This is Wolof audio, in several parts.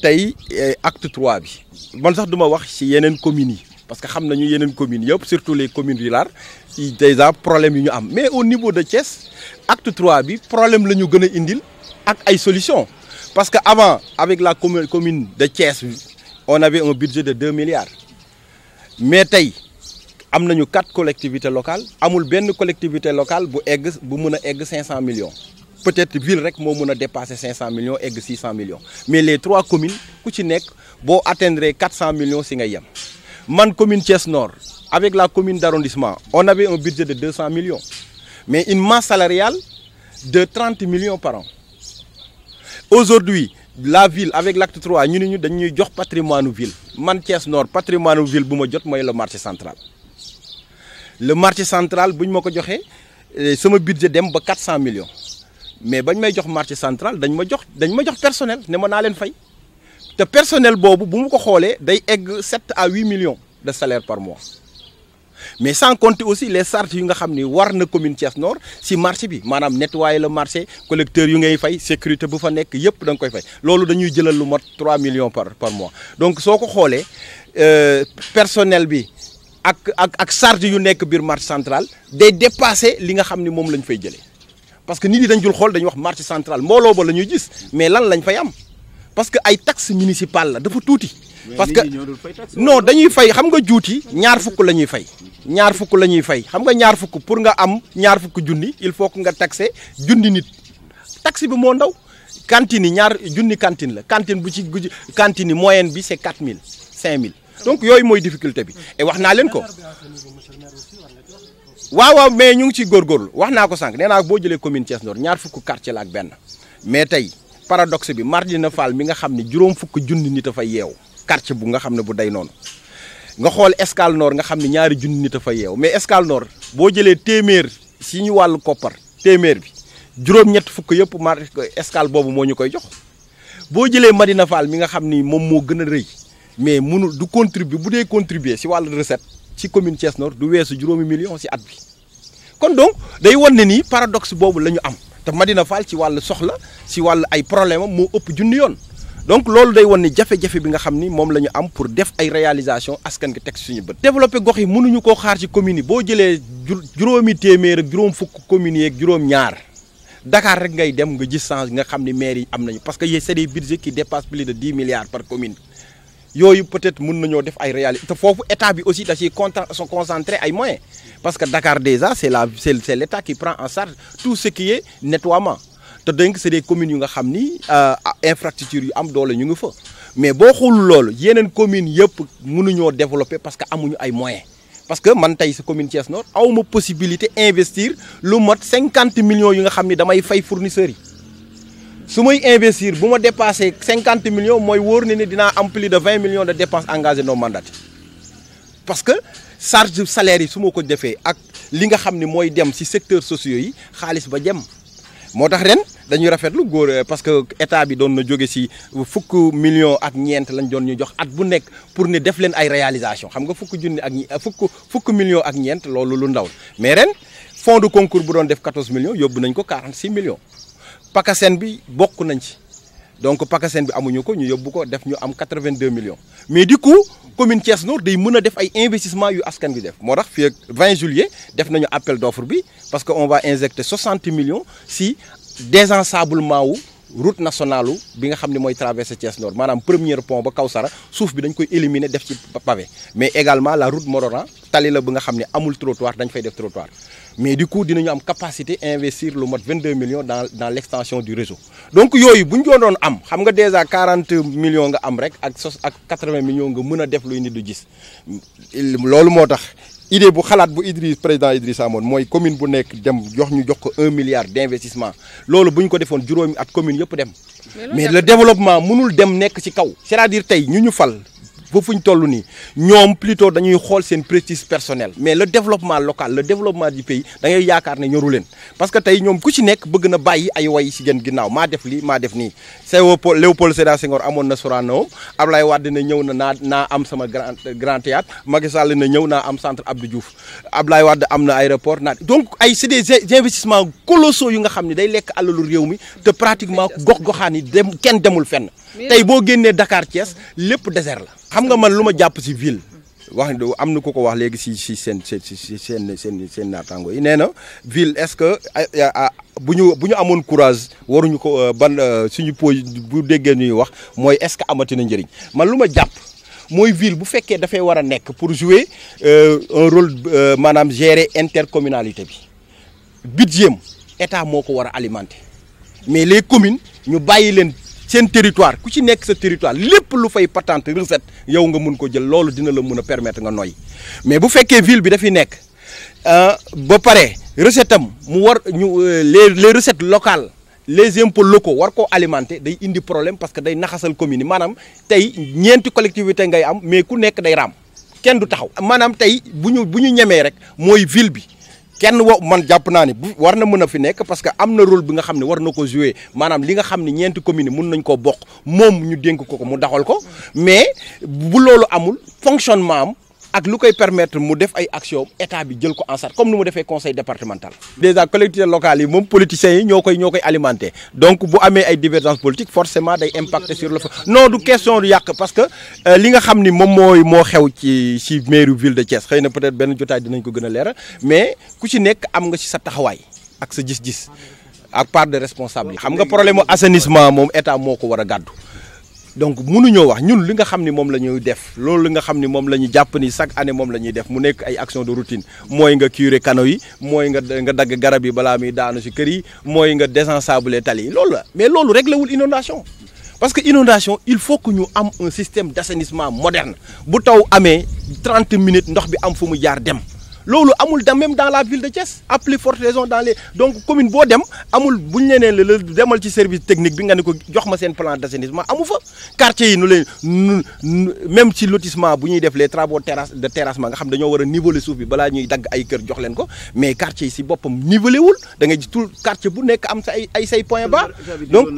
tey eh, acte trois bi man sax duma wax ci yeneen communes yi parce que xam nañu yeneen communes yëpp surtout les communes rurales ci déjà problème yu ñu am mais au niveau de Thiès acte trois bi problème la ñu gën a indil ak ay solutions parce que avant avec la commune de Thiès on avait un budget de deux milliards mais tey am nañu quatre collectivités locale amul benn collectivité locale bu egg bu mën a egg cinq cent millions. peut-être ville rek moo mën a dépasser 500 millions egg 600 millions mais les trois communes ku ci nekk boo atteindre 400 millions si nga yem man commune Thiès Nord avec la commune d'arrondissement on avait un budget de 200 millions mais une masse salariale de 30 millions par an aujourd'hui la ville avec l'acte 3 ñu ni ñu dañuy jox patrimoine ville man Thiès Nord patrimoine ville bu ma jot mooy le marché central le marché central bu ñu ma ko joxee eh, sama budget dem ba 400 millions mais bañ may jox marché central dañ ma jox dañ ma jox personnel ne ma naa leen fay te personnel boobu bu mu ko xoolee day egg sept à huit millions de salaire par mois mais sans compter aussi les charges yu nga xam ni war na commune Thiès Nord si marché bi maanaam nettoyer le marché collecteur yu ngay fay sécurité bu fa nekk yëpp danga koy fay loolu dañuy jëlal lu mat trois millions par par mois donc soo ko xoolee euh, personnel bi ak ak ak charge yu nekk biir marché central day li nga xam ni moom lañ fay jëlee. parce que nit yi dañ jul xool dañuy wax marché central mbooloo ba la ñuy gis mais lan lañ fay am parce que ay taxe municipale la dafa tuuti. parce que non dañuy fay xam nga juuti ñaar fukk la ñuy fay. ñaar fukk la ñuy fay xam nga ñaar fukk pour nga am ñaar fukk junni il faut que nga taxé junni nit taxe bi moo ndaw. cantine ñaar junni cantine la cantine bu ci cantine moyenne bi mille 4000 mille donc yooyu mooy difficulté bi et wax naa leen ko waaw waaw mais ñu ngi ciy góorgóorlu wax naa ko sànq nee boo jëlee commune Thiès Nord ñaar fukk quartier ak benn mais tey paradoxe bi Médina Fall mi nga xam ne juróom fukk junni nit a fa yeew quartier nga xam ne bu day noonu nga xool Escale Nord nga xam ne ñaari junni nit a fa yeew mais Escale Nord boo jëlee téeméer si ñu wàllu koppar téeméer bi juróom-ñett fukk yëpp mar Escale boobu moo ñu koy jox boo jëlee Médina Fall mi nga xam ni moom moo gën a rëy mais mënul du contribuer bu dee contribuer si wàllu recette ci commune Thiès Nord du weesu juróomi million si at bi kon donc day wan ne nii paradoxe boobu la ñu am te Madina Fall ci wàll soxla si wàll ay problème am moo ëpp junni yoon donc loolu day wan ni jafe-jafe bi nga xam ni moom la ñu am pour def ay réalisation askan gi teg suñu bët développé gox yi mënuñu koo xaar ci communes yi boo jëlee juróomi téeméer ak juróom fukk communes yeeg juróom ñaar Dakar rek ngay dem nga yooyu peut-être mën nañoo def ay réalité te foofu état bi aussi da ciy sont concentré ay moyens parce que Dakar déjà c'est la c'est c'est l'état qui prend en charge tout ce qui est nettoiement te donc c'est des communes yu nga xam ni euh, infrastructure yu am doole ñu ngi fa mais boo xool loolu yeneen communes yëpp mënuñoo développer parce que amuñu ay moyen parce que man tey sa commune Thiès Nord awma possibilité investir lu mot cinquante millions yu nga xam ni damay fay fournisseurs yi su may investir bu ma dépassé cinquante millions mooy wóor ne ni dinaa am plus de vingt millions de dépenses engagées non mandataires parce que charge salaire yi su ma ko defee ak li nga xam ni mooy dem si secteur sociaux yi xaalis ba jem moo tax ren dañuy rafetlu góor euh, parce que état bi doon na jóge si fukk million ak ñeent lañ doon ñu jox at bu nekk pour ne def leen ay réalisation xam nga fukk junni ak euh, fukk fukk millions ak ñeent loolu lu ndaw mais ren fonds de concours bu doon def quatorze millions yóbbu nañ ko quarante six millions. PACASEN bi bokk nañ ci donc PACASEN bi amuñu ko ñu yóbbu ko def ñu am 82 millions mais du coup commune Thiès Nord day mën a def ay investissement yu askan bi def moo tax fii ak 20 juillet def nañu appel d'offre bi parce que on va injecter 60 millions si désensablement wu route nationale bi nga xam ne mooy traversé Thiès Nord maanaam premier pont ba kaw Kawsara suuf bi dañ koy éliminer def ci pavé mais également la route Morolan tali la bi nga xam ne amul trottoir dañ fay def mais du coup dinañu am capacité investir lu mot 22 millions dans dans l' extension du réseau donc yooyu bu ñu ko doon am xam nga déjà 40 million nga am rek ak sos ak 80 million nga mën a def luy nit du jis loolu moo tax idée bu xalaat bu Idriss président Idriss amoon mooy commune bu nekk dem jox ñu jox ko un milliard d' investissement loolu bu ñu ko defoon juróomi at commune yëpp dem mais le développement mënul dem nekk ci kaw c'est-à-dire tey ñu ñu fal ba fu ñu toll nii ñoom plutôt dañuy xool seen prestige personnel mais le développement local la développement du pays da ngay yaakaar ne ñoru leen parce que tey ñoom ku ci nekk bëgg na bàyyi ay way si gën ginnaaw maa def lii maa def nii Séwo Léopold Sédar Senghor amoon na Sorano Ablaye Wade na ñëw na naa naa am sama grand grand théâtre Macky Sall na ñëw naa am centre Abdou Diouf Ablaye Wade am na aéroport naa donc ay c'est des investissements colossaux yu nga xam ne day lekk alalu réew mi te pratiquement gox goxaan yi dem kenn demul fenn tey boo génnee Dakar Thiès lépp désert la xam nga man lu ma jàpp si ville wax am na ko ko wax léegi si si seen seen seen seen seen naataango yi nee na ville est-ce que bu ñu bu ñu amoon courage waruñu ko euh, ban euh, suñu po bu déggee ñuy wax mooy est-ce que amati na njëriñ man lu ma jàpp mooy ville bu fekkee dafay war a nekk pour jouer euh, un rôle maanaam gérer intercommunalité bi budget état moo ko war a alimenter mais les communes ñu bàyyi leen. seen teritoire ku ci nekk sa territoire lépp lu fay patante recette yow nga mun ko jël loolu dina la mun a permettre nga noy mais bu fekkee ville bi dafi nekk euh, ba pare recette am mu war ñu euh, les les recettes locales les impôts locaux war ko alimenter day indi problème parce que day naxasal commune yi maanaam tey ñeenti collectivité ngay am mais ku nekk day raam kenn du taxaw maanaam tey bu ñu bu ñu ñemee rek mooy ville bi kenn wo man jàpp naa ne bu war na mën a fi nekk parce que am na rôle bi nga xam ne war na ko jouer maanaam li nga xam ne ñeenti communes yi mun nañ ko bokk moom ñu dénk ko ko mu daxal ko mais bu loolu amul fonctionnement am. ak lu koy permettre mu def ay action état bi jël ko en charge comme nu mu defee conseil départemental. déjà collectivités locales yi moom politiciens yi ñoo koy ñoo koy alimenté donc bu amee ay divergence politique forcément day impacter sur le non du question du parce que euh, li nga xam ni moom mooy moo xew ci ci mairie ville de Thiès xëy na peut-être benn jotaay dinañ ko gën a leeral mais ku ci nekk am nga ci sa taxawaay ak sa gis-gis ak part de responsabilité. xam problème mu assainissement état moo ko war a gàddu. donc mënuñoo wax ñun li nga xam ni moom la ñuy def loolu li nga xam ni moom la ñu jàpp ni chaque année moom la ñuy def mu nekk ay action de routine mooy nga curer canaux yi mooy nga nga dagg garab yi balaa muy daanu si kër yi mooy nga désensabler tali yi loolu la mais loolu réglé wul inondation parce que inondation il faut que ñu am un système d'assainissement moderne bu taw amee trente minutes ndox bi am fu mu jaar dem loolu amul da même dans la ville de Thiès à plus forte raison dans les donc commune boo dem amul bu ñu nee la demal ci service technique bi nga ne ko jox ma seen plan d'assainissement amu fa quartier yi nu leen même ci lotissement bu ñuy def les travaux terrasse de terrassement nga xam dañoo war a niveler suuf bi balaa ñuy dagg ay kër jox leen ko mais quartier yi si boppam niveler wul da ngay gis tout quartier bu nekk am sa ay ay say point bas donc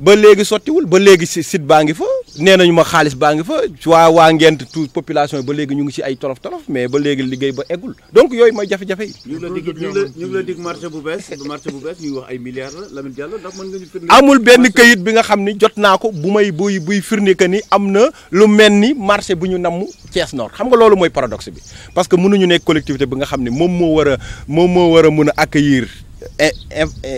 ba léegi sottiwul ba léegi si site baa ngi fa nee nañu ma xaalis baa ngi fa waa waa tout population yi léegi ñu ngi si ay tolof tolof ba léegi liggéey ba eggul donc yooyu mooy jafe-jafe yi. ñu ngi bu bees marché bu bees ñuy wax ay milliards la Lamine Diallo ndax mën amul benn këyit bi nga xam ni jot naa ko bu may buy buy firnde que ni am na lu mel ni marché bu ñu namm Thiès Nord xam nga loolu mooy paradoxe bi parce que mënuñu nekk collectivité bi nga xam ni moom moo war a moom moo war a mën a accueillir.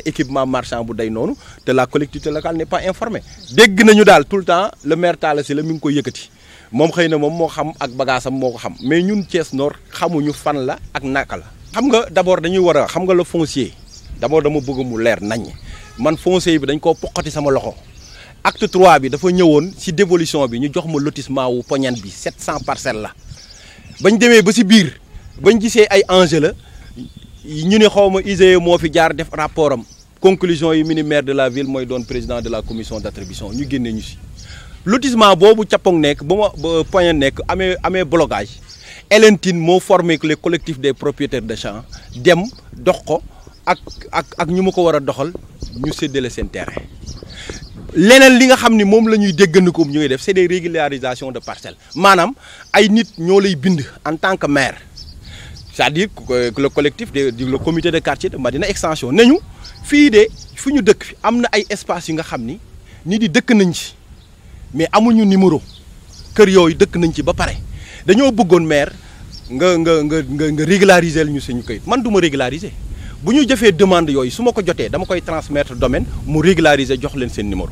équipement marchand bu dey noonu te la collectivité locale n'est pas informé dégg nañu daal tout le temps le maire Talla Sylla mi ngi koy yëkkati moom xëy na moom moo xam ak bagaasam moo ko xam mais ñun cees Nord xamuñu fan la ak naka la. xam nga d' abord dañuy war a xam nga la foncier d' abord dama bëgg mu leer nañ man foncier bi dañ koo poqati sama loxo acte 3 bi dafa ñëwoon si dévolution bi ñu jox ma lotissement wu poñan bi 700 parcelles la bañ demee ba si biir bañ gisee ay ange la ñu ne xaw ma ISE moo fi jaar def rapport am conclusion yi mu ni maire de la ville mooy doon président de la commission d' attribution ñu génne ñu si. lotissement boobu Thiappong nekk ba ma Poyen nekk amee amee blocage Hélène Tine moo formé le collectif des propriétaires de champs dem dox ko ak ak ak ñu ma ko war a doxal ñu séddale seen terrain leneen li nga xam ni moom la ñuy déggandiku ñu ngi def c'est des régularisations de parcelle maanaam ay nit ñoo lay bind en tant que maire c'est-à-dire le collectif de le comité de quartier de Madina Extension nañu fii de fu ñu dëkk am na ay espaces yu nga xam ni nit yi dëkk nañ ci. mais amuñu numéro kër yooyu dëkk nañ ci ba pare dañoo bëggoon maire nga nga nga nga nga régulariser ñu suñu kayit man du ma régulariser bu ñu jëfee demande yooyu su ma ko jotee dama koy transmettre domaine mu régulariser jox leen seen numéro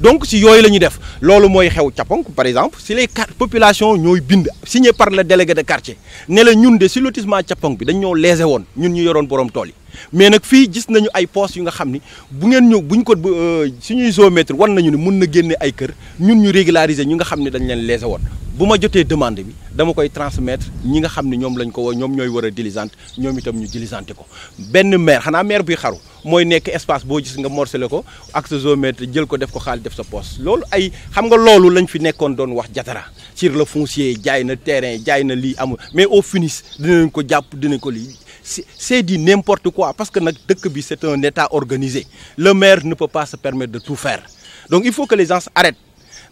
donc si yooyu la ñuy def loolu mooy xew Caponk par exemple si les cartes population ñooy bind signé par le délégué de quartier ne ñun de si lotissement Caponk bi dañ ñoo léser woon ñun ñu yoroon borom tool yi mais nag fii gis nañu ay poches yu nga xam ni bu ngeen ñëw buñ ko euh, suñuy géomètre war nañu ne mun na génne ay kër ñun ñu réglariser ñu nga xam ne dañ leen leese woon bu ma jotee demande bi dama koy transmettre ñi nga xam ne ñoom lañ ko woo ñoom ñooy war a diligente ñoom itam ñu diligente ko benn maire xanaa maire buy xaru mooy nekk espace boo gis nga la ko ak sa jël ko def ko xaalis def sa poche loolu ay xam nga loolu lañ fi nekkoon doon wax jatara sur le foncier jaay na terrain jaay na lii amul mais au finish dinañ ko jàpp dinañ ko lii c'est dit n'importe quoi parce que nag dëkk bi c'est un état le maire ne peut pas se permettre de tout faire donc il faut que les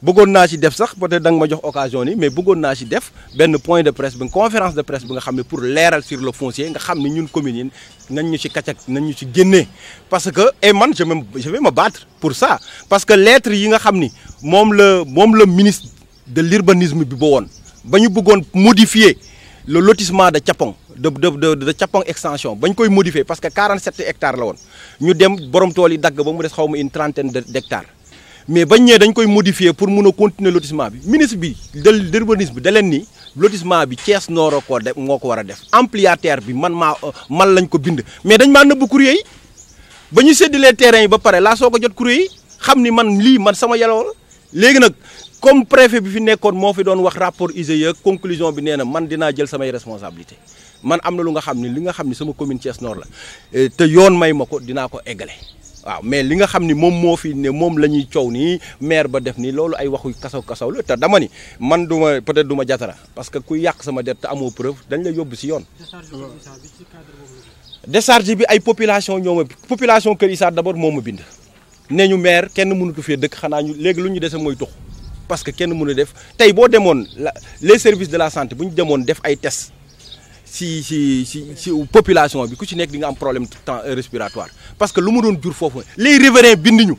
bëggoon naa ci def sax peut-être da nga ma jox occasion ni mais bëggoon naa ci def benn point de presse bi conférence de presse bi nga xam ne pour leeral sur le foncier nga xam ne ñun communes yi nañ ñu ci kacak nañ ñu ci génnee parce que et man je me je vais battre pour ça parce que lettre yi nga xam ni moom la moom la ministre de l'urbanisme bi ba woon ba ñu bëggoon modifier le lotissement de Capong de de de de Capong extension bañ koy modifier parce que 47 hectares la woon ñu dem borom tool yi dagg ba mu des xaw ma une trentaine d'hectares mais bañ ñee dañ koy modifier pour mun a continuer lotissement bi ministre bi del d'urbanisme bi da leen ni lotissement bi Thiès a koo def moo ko war a def ampliataire bi man maa man lañ ko bind mais dañ maa nëbb courrier yi ba ñu séddalee terrain yi ba pare laa soo ko jot courrier yi xam ni man lii man sama yeloo léegi nag comme préfet bi fi nekkoon moo fi doon wax rapport IGE conclusion bi nee na man dinaa jël samay responsabilité man am na lu nga xam ni li nga xam ni sama commune Thiès Nord la eh, te yoon may ma ko dinaa ko eggale waaw mais li nga xam ni moom moo fi ne moom la coow nii maire ba def nii loolu ay waxu kasaw kasaw la te dama ni man du ma peut-être du ma jatara parce que ku yàq sama der te amoo preuve dañ la yóbbu si yoon. décharge bi ay population ñoo population Kër Issa d'abord moom ma bind. nee ñu maire kenn mënatu fee dëkk xanaa ñu léegi lu ñu dese mooy tux parce que kenn mënu def tey boo demoon la les services de la santé bu ñu demoon def ay tes si si si si population bi ku ci nekk di nga am problème temps respiratoire parce que lu mu doon jur foofu les riverains binduñu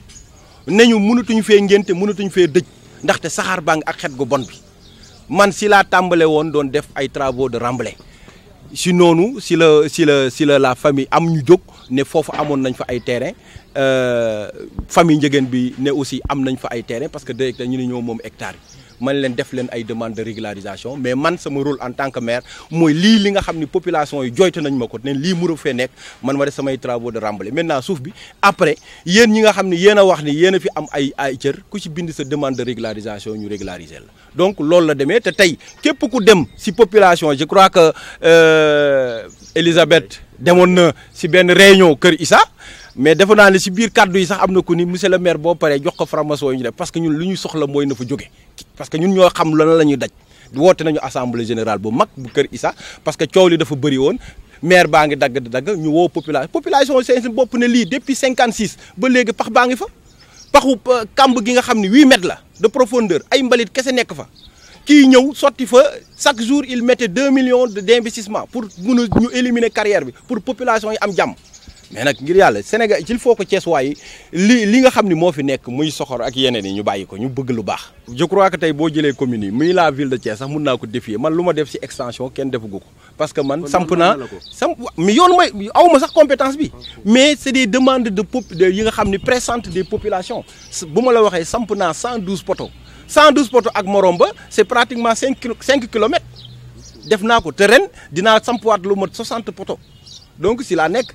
ne ñu mënatuñu fee ngénte mënatuñu fee dëj ndaxte saxaar baa ngi ak xet gu bon bi man si laa tàmbale woon doon def ay travaux de remblai si noonu si la si la si la la famille am ñu jóg ne foofu amoon nañ fa ay terrain euh, famille njëgeen bi ne aussi am nañ fa ay terrain parce que directeur ñu ne ñoo moom hectare yi man leen def leen ay demande de régularisation mais man sama rôle en tant que maire mooy lii li nga xam ni population yi jooyte nañ ma ko ne lii muru fee nekk man ma def samay travaux de remblai maintenant bi après yéen ñi nga xam ni yéen a wax ni yéen a fi am ay ay cër ku ci bind sa demande de régularisation ñu régulariser la donc loolu la demee te tey képp ku dem si population je crois que euh, Elisabeth demoon na si benn réunion Kër Issa mais defe naa ne si biir kàddu yi sax am na ku ni monsieur le maire boo paree jox ko franc-maçon yi parce que ñun lu ñu soxla mooy na fa jóge parce que ñun ñoo xam lan la ñuy daj woote nañu assemblée générale bu mag bu Kër Issa parce que coow li dafa bëri woon maire baa ngi dagg dagg ñu woo population population seen bopp ne lii depuis 56 ba léegi pax baa ngi fa paxu euh, kamb gi nga xam ni 8 mètres la de profondeur ay mbalit kese nekk fa kii ñëw sotti fa chaque jour il mettait 2 millions d'investissement pour mun a ñu éliminer carrière bi pour population yi am jàmm mais nag ngir yàlla Sénégal il faut ko Thiès waay li li nga xam ni moo fi nekk muy soxor ak yeneen yi ñu bàyyi ko ñu bëgg lu baax. je crois que tey boo jëlee communes yi muy la ville de Thiès sax mun naa ko défier man lu ma def ci extension kenn defu ko parce que man. samp naa samp mais yoon mooy aw ma sax compétence bi. mais c' est des de pop yi nga xam ni pressantes de populations bu ma la waxee samp naa poto poteaux 112 poteaux ak morom ba c' est pratiquement 5 kilo 5 kilomètres def naa ko te ren dinaa sampwaat lu mat 60 poteaux donc si laa nekk.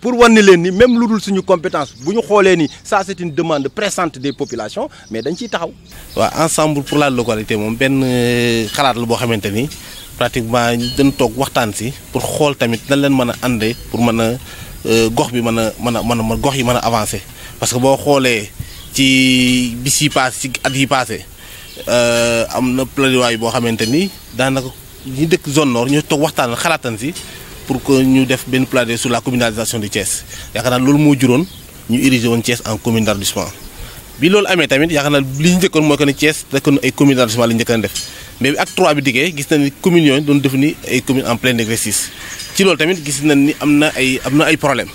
pour wan ni leen ni même lu dul suñu compétence bu ñu xoolee ni ça c'est une demande pressante des populations mais dañ ciy taxaw. waaw ensemble pour la localité moom benn euh, xalaat la boo xamante ni pratiquement dañ toog waxtaan si pour xool tamit nan leen mën a àndee pour mën a euh, gox bi mën a mën a mën a gox yi mën a avancer parce que boo xoolee ci bis yi paase ci at yi paase euh, am na plaidoyer boo xamante ni daanaka ñi dëkk zone nord ñu toog waxtaan xalaatan si. pour que ñu def benn plaidoyer sur la communalisation de Thiès yaakaar naa loolu moo juróon ñu érigé woon Thiès en commune d' arrondissement bi loolu amee tamit yaakaar naa li ñu njëkkoon mooy que ne Thiès rek ay commune d' arrondissement la ñu njëkkoon def mais bi acte trois bi diggee gis nañ ni communes yooyu doon défini ay communes en plein exercice ci loolu tamit gis nañ ni am na ay am na ay problème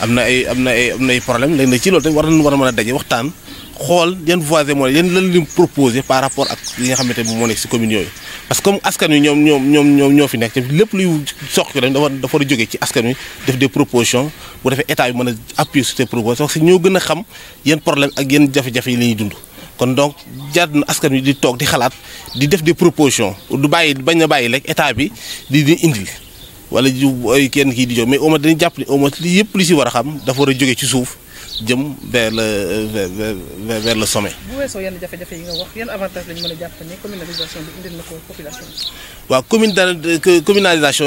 am na ay am na ay am na ay problème léegi nag ci loolu tamit war nañu war a mën a daje waxtaan xool yan voies et moyens yan lan lim proposé par rapport ak li nga xamante ne moo nekk si communes yooyu parce que comme askan wi ñoom ñoom ñoom ñoom ñoo fi nekk te lépp luy sox ko dañ dafa dafa war a jógee ci askan wi def des propositions bu defee état bi mën a appuyer sur ces propositions parce que ñoo gën a xam yan problème ak yan jafe-jafe yi la ñuy dund kon donc jaar na askan wi di toog di xalaat di def des propositions du bàyyi bañ a bàyyi rek état bi di di indil wala ju kenn kii di jóg mais au moins dañuy jàpp ne au moins li yëpp li si war a xam dafa war a jógee ci suuf jëm vers le euh, vers vers le sommet. bu weesoo yenn jafe-jafe yi nga wax yan avantages lañu mën a jàpp ne communalisation bi indil na ko population waaw communalisation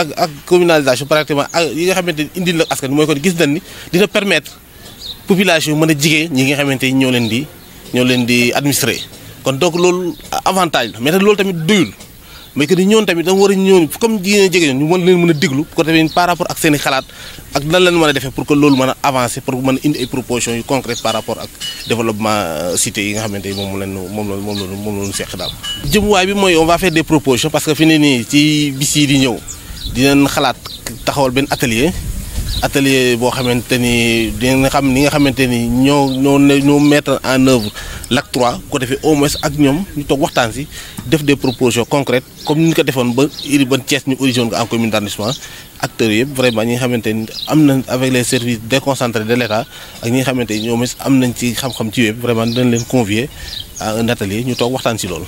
ak ak communalisation pratiquement ak yi nga xamante ni indil na askan mooy kon gis nañ ni dina permettre population mën a jigee ñi nga xamante ni ñoo leen di ñoo leen di administrer kon donc loolu avantage la mais loolu tamit doyul. mais que di ñoon tamit dama war a ñoon comme jigéen jege ñu mën leen mën a déglu ko tamit par rapport ak seen i xalaat ak nan leen mën a defee pour que loolu mën a avancer pour mën a indi ay propositions yu concrètes par rapport ak développement euh, cité yi nga xamante ni moom lañu moom lañu moom lañu moom lañu seq daal. jëmuwaay bi mooy on va faire des propositions parce que fi ne nii ci bis yi di ñëw dinañ xalaat taxawal benn atelier. atelier boo xamante ni dina xam ni nga xamante ni ñoo ñoo ñoo mettre en œuvre l'acte 3 ko defee au moins ak ñoom ñu toog waxtaan si def des propositions concrètes comme ni ñu ko defoon ba Urban Thiès ñu origine ko en commune d'arrondissement acteurs yëpp vraiment ñi nga xamante ni am na avec les services déconcentrés de l'État ak ñi nga xamante ni ñoom am nañ ci xam-xam ci yëpp vraiment dinañ leen convier à un atelier ñu toog waxtaan si loolu.